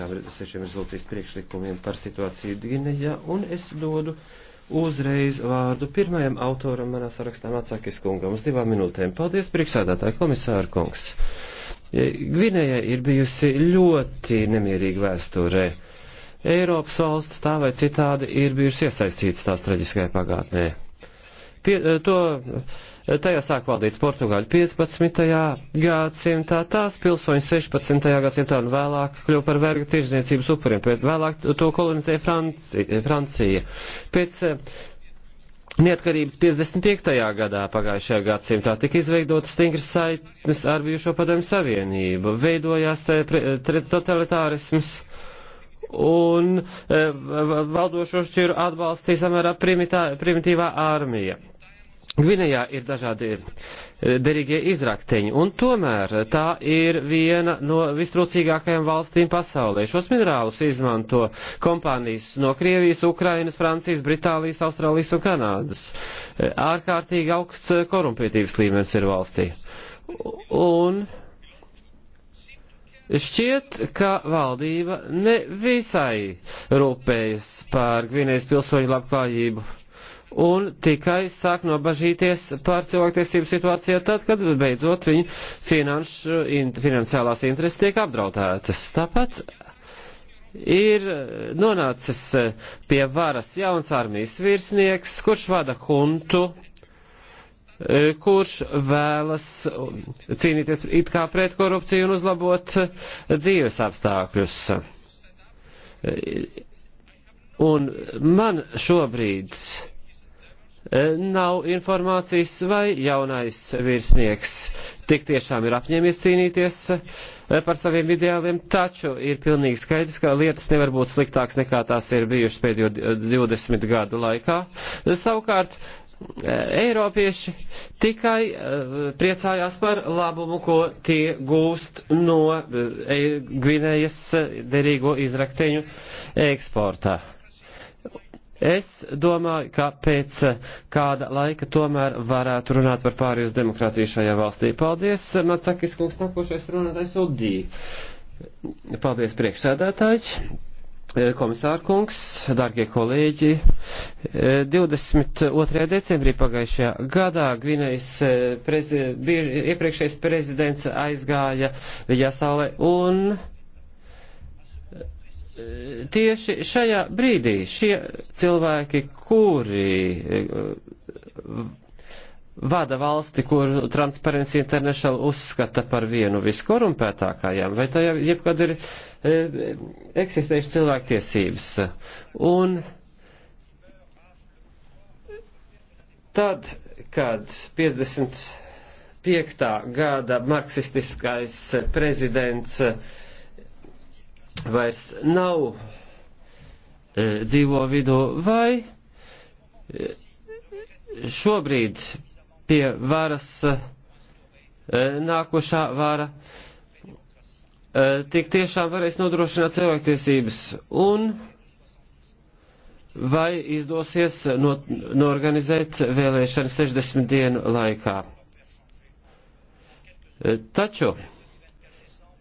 sešām, sešiem rezolūcijas priekšlikumiem par situāciju Gvinējā, un es dodu uzreiz vārdu pirmajam autoram manā sarakstā Macakis kungam uz divām minūtēm. Paldies, priekšsādātāji komisāra kungs. Gvinējai ir bijusi ļoti nemierīga vēsture. Eiropas valsts tā vai citādi ir bijušas iesaistītas tās traģiskajā pagātnē. Pie, eh, to, eh, tajā sāk valdīt Portugāļu 15. gadsimtā, tās pilsoņi 16. gadsimtā un vēlāk kļuva par vergu tirzniecības upuriem, pēc vēlāk to kolonizēja Franci, Francija. Pēc eh, Neatkarības 55. gadā pagājušajā gadsimtā tika izveidota stingras saitnes ar bijušo padomju savienību, veidojās totalitārisms un valdošo šķiru atbalstīja samērā primitīvā armija. Gvinējā ir dažādi eh, derīgie izrakteņi, un tomēr tā ir viena no vistrūcīgākajām valstīm pasaulē. Šos minerālus izmanto kompānijas no Krievijas, Ukrainas, Francijas, Britālijas, Austrālijas un Kanādas. Eh, ārkārtīgi augsts eh, korumpētības līmenis ir valstī. Un šķiet, ka valdība ne visai rūpējas par Gvinējas pilsoņu labklājību un tikai sāk nobažīties par cilvēktiesību situācijā tad, kad beidzot viņu finanš, in, finansiālās intereses tiek apdraudētas. Tāpat ir nonācis pie varas jauns armijas virsnieks, kurš vada huntu, kurš vēlas cīnīties it kā pret korupciju un uzlabot dzīves apstākļus. Un man šobrīd Eh, nav informācijas, vai jaunais virsnieks tik tiešām ir apņēmies cīnīties eh, par saviem ideāliem, taču ir pilnīgi skaidrs, ka lietas nevar būt sliktākas nekā tās ir bijušas pēdējo 20 eh, gadu laikā. Savukārt, Eiropieši tikai priecājās par labumu, ko tie gūst no Gvinējas derīgo izrakteņu eksportā. Es domāju, ka pēc eh, kāda laika tomēr varētu runāt par pārējus demokrātiju šajā valstī. Paldies, eh, Macakis kungs, nākošais runātājs Uldī. Paldies, priekšsēdētājs. Eh, Komisāra kungs, dārgie kolēģi, 22. decembrī pagājušajā gadā Gvinējas prezi, iepriekšējais prezidents aizgāja Jāsāle un tieši šajā brīdī šie cilvēki, kuri eh, vada valsti, kur Transparency International uzskata par vienu viskorumpētākajām, vai tajā jebkad ir e, eh, eksistējuši cilvēktiesības. Un tad, kad 55. gada marksistiskais prezidents e, vairs nav e, dzīvo vidū, vai e, šobrīd pie varas e, nākošā vara e, tik tiešām varēs nodrošināt cilvēktiesības un vai izdosies no, norganizēt vēlēšanu 60 dienu laikā. E, taču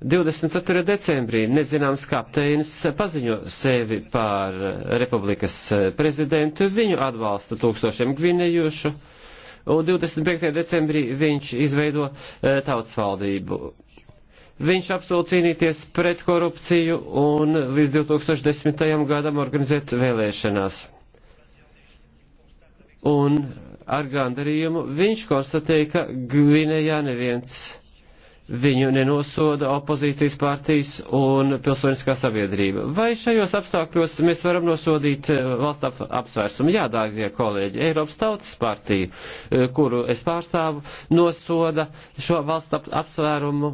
24. decembrī nezināms kapteinis paziņo sevi par republikas prezidentu, viņu atbalsta tūkstošiem gvinējušu, un 25. decembrī viņš izveido eh, tautas valdību. Viņš apsol cīnīties pret korupciju un līdz 2010. gadam organizēt vēlēšanās. Un ar gandarījumu viņš konstatēja, ka Gvinējā neviens viņu nenosoda opozīcijas partijas un pilsoniskā sabiedrība. Vai šajos apstākļos mēs varam nosodīt eh, valsts ap apsvērsumu? Jā, dārgie kolēģi, Eiropas tautas partija, eh, kuru es pārstāvu, nosoda šo valsts ap apsvērumu,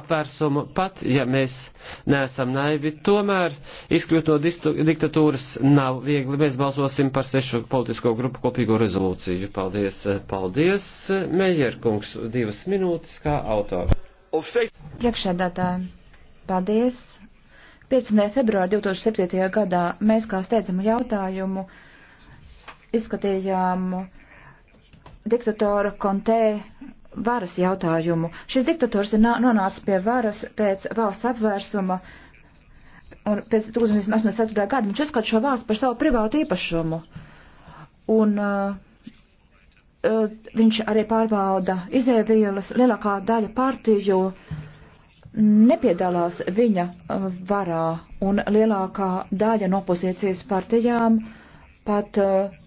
apvērsumu, pat ja mēs neesam naivi, tomēr izkļūt no diktatūras nav viegli. Mēs balsosim par sešu politisko grupu kopīgo rezolūciju. Paldies, paldies, Mejerkungs, divas minūtes kā autors. Priekšsēdētāji, paldies! 15. februāra 2007. gadā mēs kā steidzamu jautājumu izskatījām diktatora Kontē varas jautājumu. Šis diktators ir nonācis pie varas pēc valsts apvērsuma un pēc 1984. gada viņš uzskata šo valsts par savu privātu īpašumu. Un uh, Eh, viņš arī pārbauda izēvielas, lielākā daļa partiju nepiedalās viņa eh, varā, un lielākā daļa no opozīcijas partijām pat eh,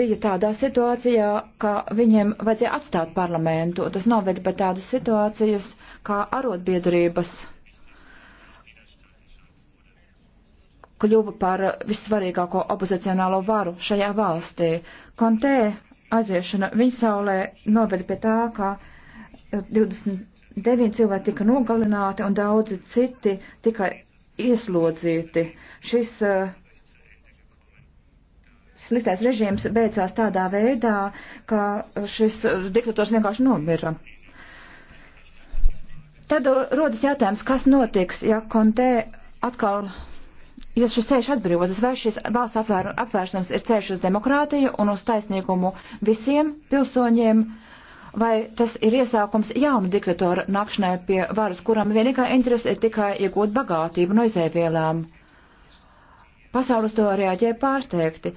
bija tādā situācijā, ka viņiem vajadzēja atstāt parlamentu. Tas noveda pie tādas situācijas kā arotbiedrības kļuva par vissvarīgāko opozicionālo varu šajā valstī. Kontē aiziešana viņa saulē noveda pie tā, ka 29 eh, cilvēki tika nogalināti un daudzi citi tika ieslodzīti. Šis uh, sliktais režīms beidzās tādā veidā, ka šis diktators vienkārši nomira. Tad rodas jautājums, kas notiks, ja Kontē atkal ja šis ceļš atbrīvosies, vai šis valsts apvēr, apvēršanas ir ceļš uz demokrātiju un uz taisnīgumu visiem pilsoņiem, vai tas ir iesākums jaunu diktatoru nakšanai pie varas, kuram vienīgā interese ir tikai iegūt bagātību no izēvielām. Pasaules to reaģē pārsteigti.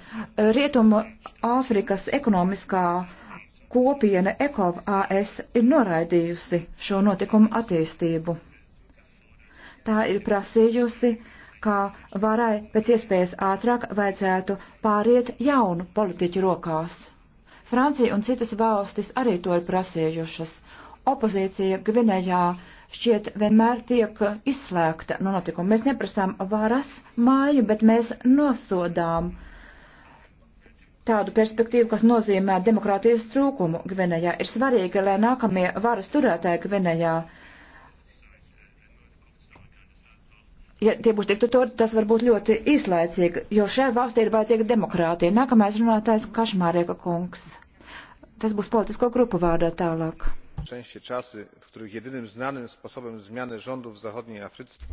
Rietumu Āfrikas ekonomiskā kopiena ECOV AS ir noraidījusi šo notikumu attīstību. Tā ir prasījusi uh, ka varai pēc iespējas ātrāk vajadzētu pāriet jaunu politiķu rokās. Francija un citas valstis arī to ir prasījušas. Opozīcija Gvinējā šķiet vienmēr tiek izslēgta no notikuma. Mēs neprasām varas māju, bet mēs nosodām tādu perspektīvu, kas nozīmē demokrātijas trūkumu Gvinējā. Ir svarīgi, lai nākamie varas turētāji Gvinējā uh, ja tie būs diktatori, tas var būt ļoti īslaicīgi, jo šajā valstī ir vajadzīga demokrātija. Nākamais runātājs Kašmārēka kungs. Tas būs politisko grupu vārdā tālāk.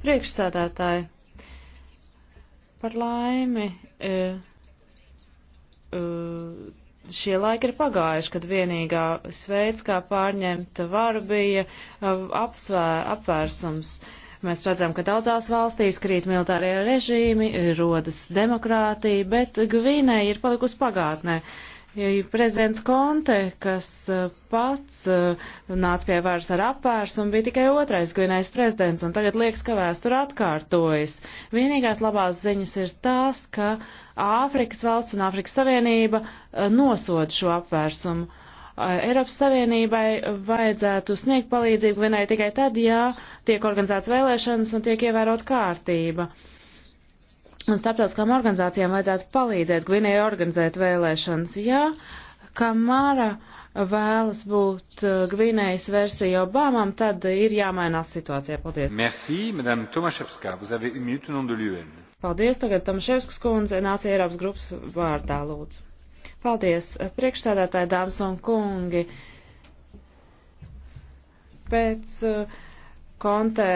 Priekšsēdētāji, par laimi, e, e, šie laiki ir pagājuši, kad vienīgā sveids, kā pārņemt varu, bija e, apsvē, apvērsums. E, Mēs redzam, ka daudzās valstīs krīt militārie režīmi, rodas demokrātija, bet Gvinēja ir palikusi pagātnē. Prezidents Konte, kas uh, pats uh, nāca pie varas ar apvērs un bija tikai otrais Gvinējas prezidents, un tagad liekas, ka vēsture atkārtojas. Vienīgās labās ziņas ir tās, ka Āfrikas valsts un Āfrikas Savienība uh, nosod šo apvērsumu Eiropas Savienībai vajadzētu sniegt palīdzību vienai tikai tad, ja tiek organizēts vēlēšanas un tiek ievērot kārtība. Un starptautiskām organizācijām vajadzētu palīdzēt Gvinējai organizēt vēlēšanas. Ja Kamara vēlas būt uh, Gvinējas versija Obamam, tad ir jāmainās situācija. Paldies. Merci, madame Tomaševskā. Vous avez une minute au nom de l'UN. Paldies, tagad Tomaševskas kundze, nācija Eiropas grupas vārdā lūdzu. Paldies, eh, priekšsēdētāji, dāmas un kungi. Pēc eh, kontē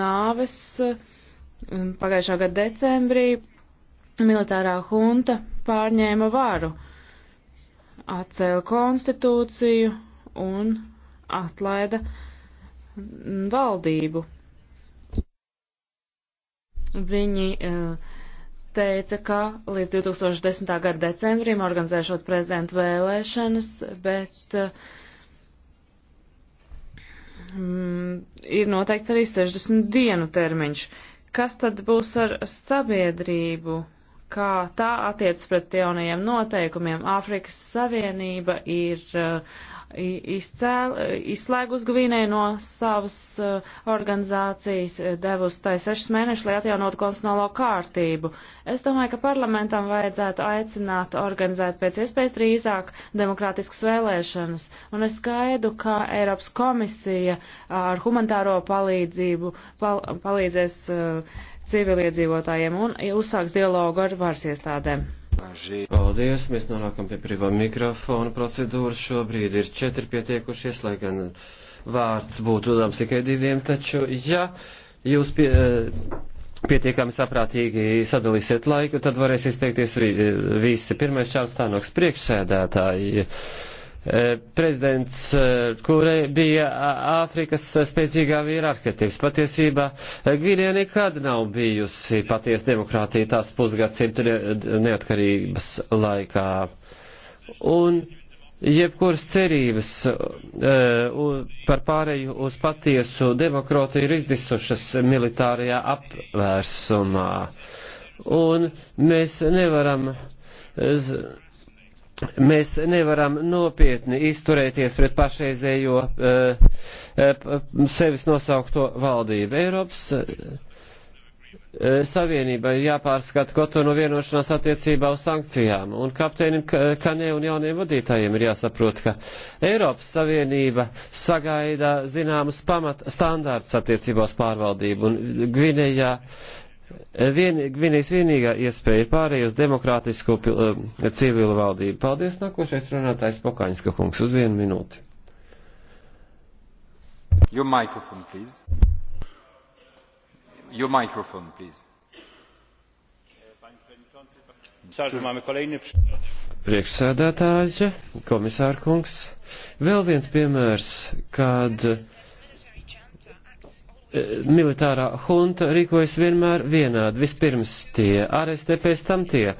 nāves pagājušā gada decembrī militārā hunta pārņēma varu, atcēla konstitūciju un atlaida valdību. Viņi uh, teica, ka līdz 2010. gada decembrim organizēšot prezidentu vēlēšanas, bet mm, ir noteikts arī 60 dienu termiņš. Kas tad būs ar sabiedrību? kā tā attiec pret jaunajiem noteikumiem. Āfrikas Savienība ir uh, izcēl, izslēgus Gvinēju no savas uh, organizācijas, uh, devus tai sešas mēnešus, lai atjaunotu konstitucionālo kārtību. Es domāju, ka parlamentam vajadzētu aicināt organizēt pēc iespējas drīzāk demokrātiskas vēlēšanas. Un es skaidu, ka Eiropas komisija ar humanitāro palīdzību pal palīdzēs uh, civiliedzīvotājiem un uzsāks dialogu ar varas iestādēm. Paldies, mēs nonākam pie privā mikrofona procedūras. Šobrīd ir četri pietiekušies, lai gan vārds būtu dodams tikai diviem, taču ja jūs pie, eh, pietiekami saprātīgi sadalīsiet laiku, tad varēs izteikties eh, visi. Pirmais čāls tānoks priekšsēdētāji. Eh, prezidents, eh, kurai bija Āfrikas spēcīgā vīra arhetīvs. Patiesībā eh, Gvinē nekad nav bijusi paties demokrātija tās pusgadsimta neatkarības laikā. Un jebkuras cerības par pārēju uz patiesu demokrātiju ir izdisušas militārajā apvērsumā. Un mēs nevaram mēs nevaram nopietni izturēties pret pašreizējo uh, sevis nosaukto valdību. Eiropas uh, Savienībai jāpārskata Kotonu vienošanās attiecībā uz sankcijām, un kapteinim Kanē un jauniem vadītājiem ir jāsaprot, ka Eiropas Savienība sagaida zināmus pamat standārts attiecībā uz pārvaldību, un Gvinējā uh, Vien, vienīgs vienīgā iespēja ir pārējai uz demokrātisko eh, civilu valdību. Paldies, nākošais runātājs Pokaņska kungs, uz vienu minūti. Your microphone, please. Your microphone, please. Priekšsēdētāja, komisārkungs, vēl viens piemērs, kad uh, Eh, militārā hunta rīkojas vienmēr vienādi. Vispirms tie arestē, pēc tam tie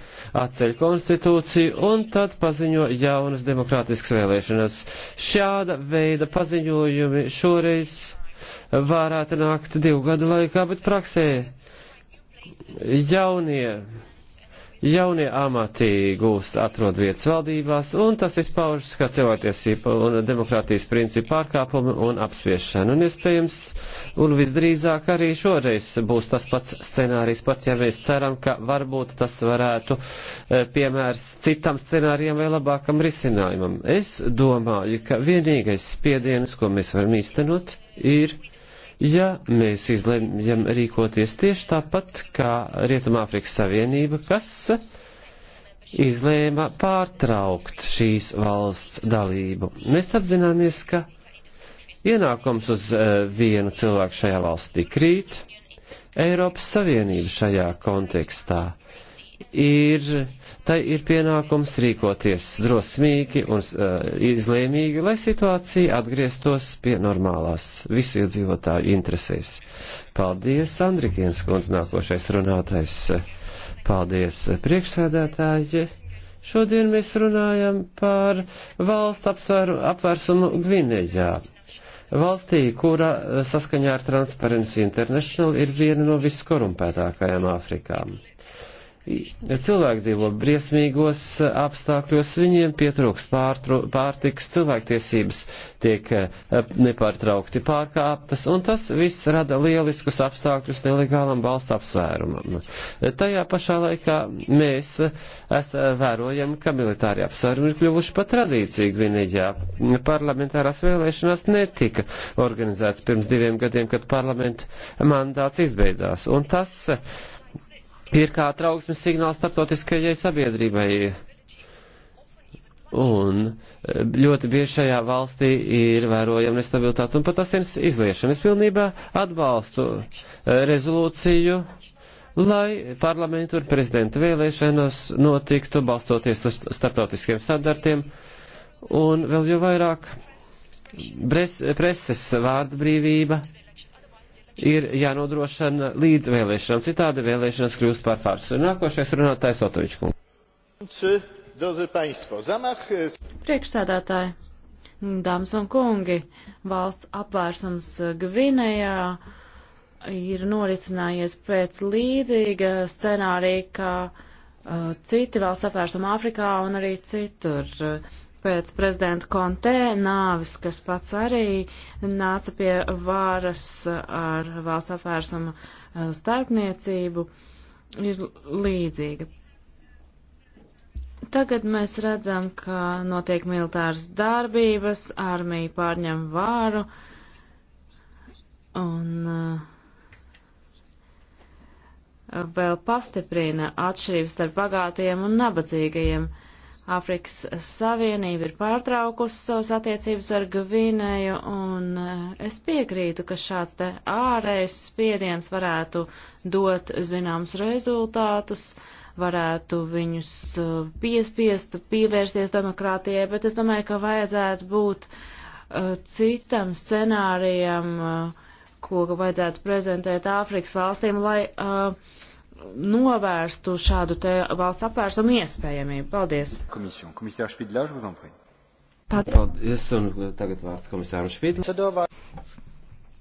atceļ konstitūciju un tad paziņo jaunas demokrātiskas vēlēšanas. Šāda veida paziņojumi šoreiz varētu nākt divu gadu laikā, bet praksē jaunie jaunie amati gūst atrod vietas valdībās, un tas izpaužas kā cilvēktiesība un demokrātijas principu pārkāpumi un apspiešana. Un iespējams, un visdrīzāk arī šoreiz būs tas pats scenārijs, pat ja mēs ceram, ka varbūt tas varētu eh, piemērs citam scenārijam vai labākam risinājumam. Es domāju, ka vienīgais spiediens, ko mēs varam īstenot, ir ja mēs izlemjam rīkoties tieši tāpat kā Rietumāfrikas Savienība, kas izlēma pārtraukt šīs valsts dalību. Mēs apzināmies, ka ienākums uz eh, vienu cilvēku šajā valstī krīt, Eiropas Savienība šajā kontekstā ir, tai ir pienākums rīkoties drosmīgi un uh, izlēmīgi, lai situācija atgrieztos pie normālās visu iedzīvotāju interesēs. Paldies, Andrikienas kundz, nākošais runātais. Paldies, priekšsēdētāji. Šodien mēs runājam par valsts apsvēru, apvērsumu Gvinējā. Valstī, kura eh, saskaņā ar Transparency International ir viena no viskorumpētākajām Āfrikām. Cilvēki dzīvo briesmīgos eh, apstākļos, viņiem pietrūks pārtiks, cilvēktiesības tiek eh, nepārtraukti pārkāptas, un tas viss rada lieliskus apstākļus nelegālam valsts apsvērumam. Tajā pašā laikā mēs eh, es, vērojam, ka militāri apsvērumi ir kļuvuši pat tradīciju Gvinējā. Parlamentārās vēlēšanās netika organizētas pirms diviem gadiem, kad parlamenta mandāts izbeidzās. Un tas ir kā trauksmes signāls starptautiskajai sabiedrībai. Un eh, ļoti bieži šajā valstī ir vērojama nestabilitāte un pat asins izliešana. Es pilnībā atbalstu eh, rezolūciju, lai parlamentu un prezidenta vēlēšanas notiktu balstoties uz starptautiskiem standartiem un vēl jau vairāk preses vārda brīvība ir jānodrošina līdz vēlēšanām. Citādi vēlēšanas kļūst par farsu. Nākošais runātājs Otovičkungs. Priekšsēdētāji, dāmas un kungi, valsts apvērsums Gvinējā ir noricinājies pēc līdzīga scenārija, kā uh, citi valsts apvērsumi Āfrikā un arī citur. Uh, pēc prezidenta Kontē nāvis, kas pats arī nāca pie vāras ar valsts apvērsuma eh, starpniecību, ir līdzīga. Tagad mēs redzam, ka notiek militāras darbības, armija pārņem vāru un eh, vēl pastiprina atšķirības starp bagātajiem un nabadzīgajiem. Uh, Āfrikas Savienība ir pārtraukusi savas attiecības ar Gvinēju, un eh, es piekrītu, ka šāds te ārējs spiediens varētu dot zināms rezultātus, varētu viņus eh, piespiest, pievērsties demokrātijai, bet es domāju, ka vajadzētu būt uh, citam scenārijam, uh, ko vajadzētu prezentēt Āfrikas valstīm, lai uh, novērstu šādu te valsts apvērsumu iespējamību. Paldies. Komisjon, komisārs Špidlā, je vous en prie. Paldies, un tagad vārds komisāram Špidlā.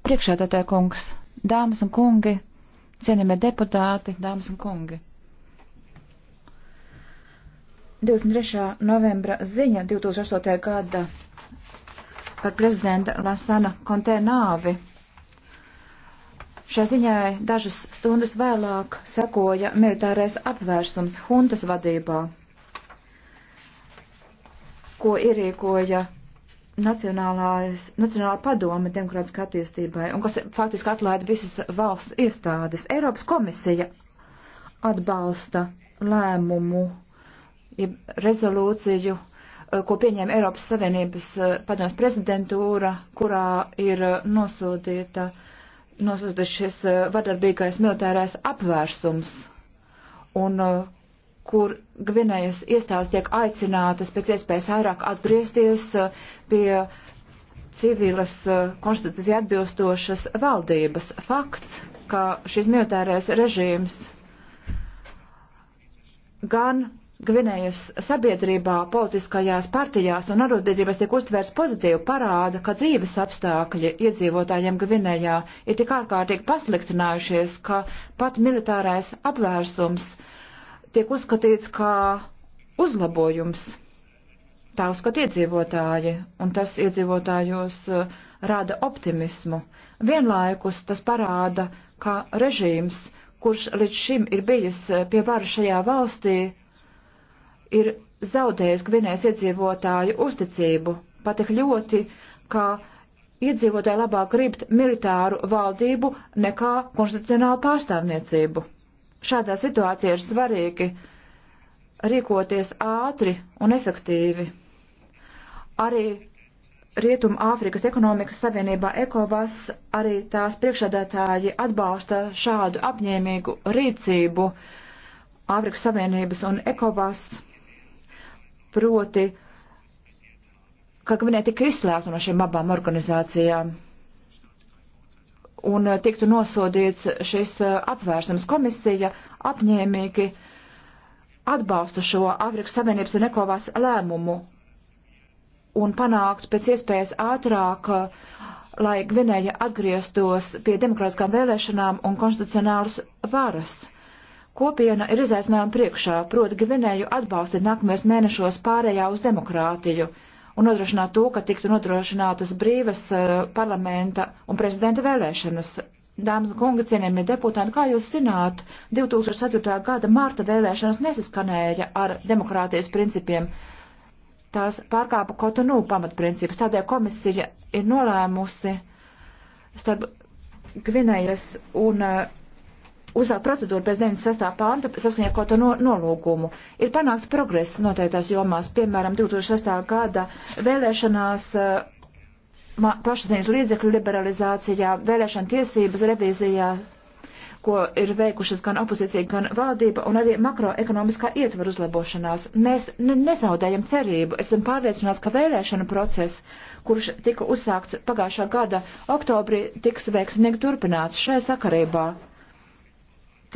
Priekšētātē kungs, dāmas un kungi, cienījamie deputāti, dāmas un kungi. 23. novembra ziņa 2008. gada par prezidenta Lasana Kontē nāvi Šai ziņai dažas stundas vēlāk sekoja militārais apvērsums huntas vadībā, ko ierīkoja Nacionālā padome demokrātiskā attīstībai un kas faktiski atlaida visas valsts iestādes. Eiropas komisija atbalsta lēmumu, rezolūciju, eh, ko pieņēma Eiropas Savienības eh, padomas prezidentūra, kurā ir eh, nosūtīta uh, nosūta šis eh, vardarbīgais militārais apvērsums, un eh, kur Gvinējas iestādes tiek aicinātas pēc iespējas vairāk atgriezties eh, pie civilas konstitūcija atbilstošas valdības. Fakts, ka šis militārais režīms gan Gvinējas sabiedrībā, politiskajās partijās un arotbiedrībās tiek uztvērts pozitīvi parāda, ka dzīves apstākļi iedzīvotājiem Gvinējā ir tik ārkārtīgi pasliktinājušies, ka pat militārais apvērsums tiek uzskatīts kā uzlabojums. Tā uzskata iedzīvotāji, un tas iedzīvotājos uh, rada optimismu. Vienlaikus tas parāda, ka režīms, kurš līdz šim ir bijis uh, pie varas šajā valstī, ir zaudējis Gvinējas iedzīvotāju uzticību, pat tik ļoti, ka iedzīvotāji labāk gribt militāru valdību nekā konstitucionālu pārstāvniecību. Šādā situācijā ir svarīgi rīkoties ātri un efektīvi. Arī Rietuma Āfrikas ekonomikas savienībā ECOVAS arī tās priekšādātāji atbalsta šādu apņēmīgu rīcību Āfrikas Savienības un ECOVAS proti, ka viņa tika izslēgta no šīm abām organizācijām un eh, tiktu nosodīts šis eh, apvērsums komisija apņēmīgi atbalsta šo Afrikas Savienības un Ekovās lēmumu un panākt pēc iespējas ātrāk, eh, lai Gvinēja atgrieztos pie demokrātiskām vēlēšanām un konstitucionālas varas. Kopiena ir izaicinājuma priekšā, proti Gvinēju atbalstīt nākamajos mēnešos pārējā uz demokrātiju un nodrošināt to, ka tiktu nodrošinātas brīvas eh, parlamenta un prezidenta vēlēšanas. Dāmas un kungi, cienījamie deputāti, kā jūs zināt, 2004. gada mārta vēlēšanas nesaskanēja ar demokrātijas principiem. Tās pārkāpa Kotonu pamatprincipus. Tādēļ komisija ir nolēmusi starp Gvinējas un uh, uzsākt procedūru pēc 96. pānta saskaņā kaut to no, nolūgumu. Ir panāks progress noteiktās jomās, piemēram, 2006. gada vēlēšanās eh, plašsaziņas līdzekļu liberalizācijā, vēlēšana tiesības revīzijā, ko ir veikušas gan opozīcija, gan valdība, un arī makroekonomiskā ietvaru uzlabošanās. Mēs ne nezaudējam cerību. Esam pārliecināts, ka vēlēšana process, kurš tika uzsākts pagājušā gada oktobrī, tiks veiksmīgi turpināts šajā sakarībā.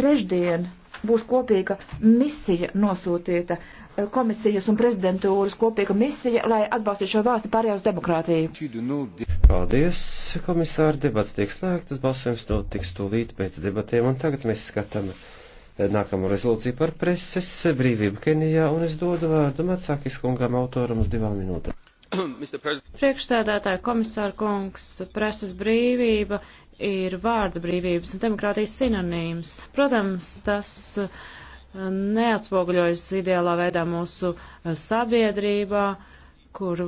Trešdien būs kopīga misija nosūtīta, eh, komisijas un prezidentūras kopīga misija, lai atbalstītu šo valsti pārējā uz demokrātiju. Paldies, komisāri, debats tiek slēgtas, balsojums notiks tūlīt pēc debatēm, un tagad mēs skatām eh, nākamo rezolūciju par preses brīvību Kenijā, un es dodu vārdu Macākis kungam autoram uz divām minūtēm. Priekšsēdētāja komisāra kungs, preses brīvība ir vārda brīvības un demokrātijas sinonīms. Protams, tas uh, neatspoguļojas ideālā veidā mūsu uh, sabiedrībā, kur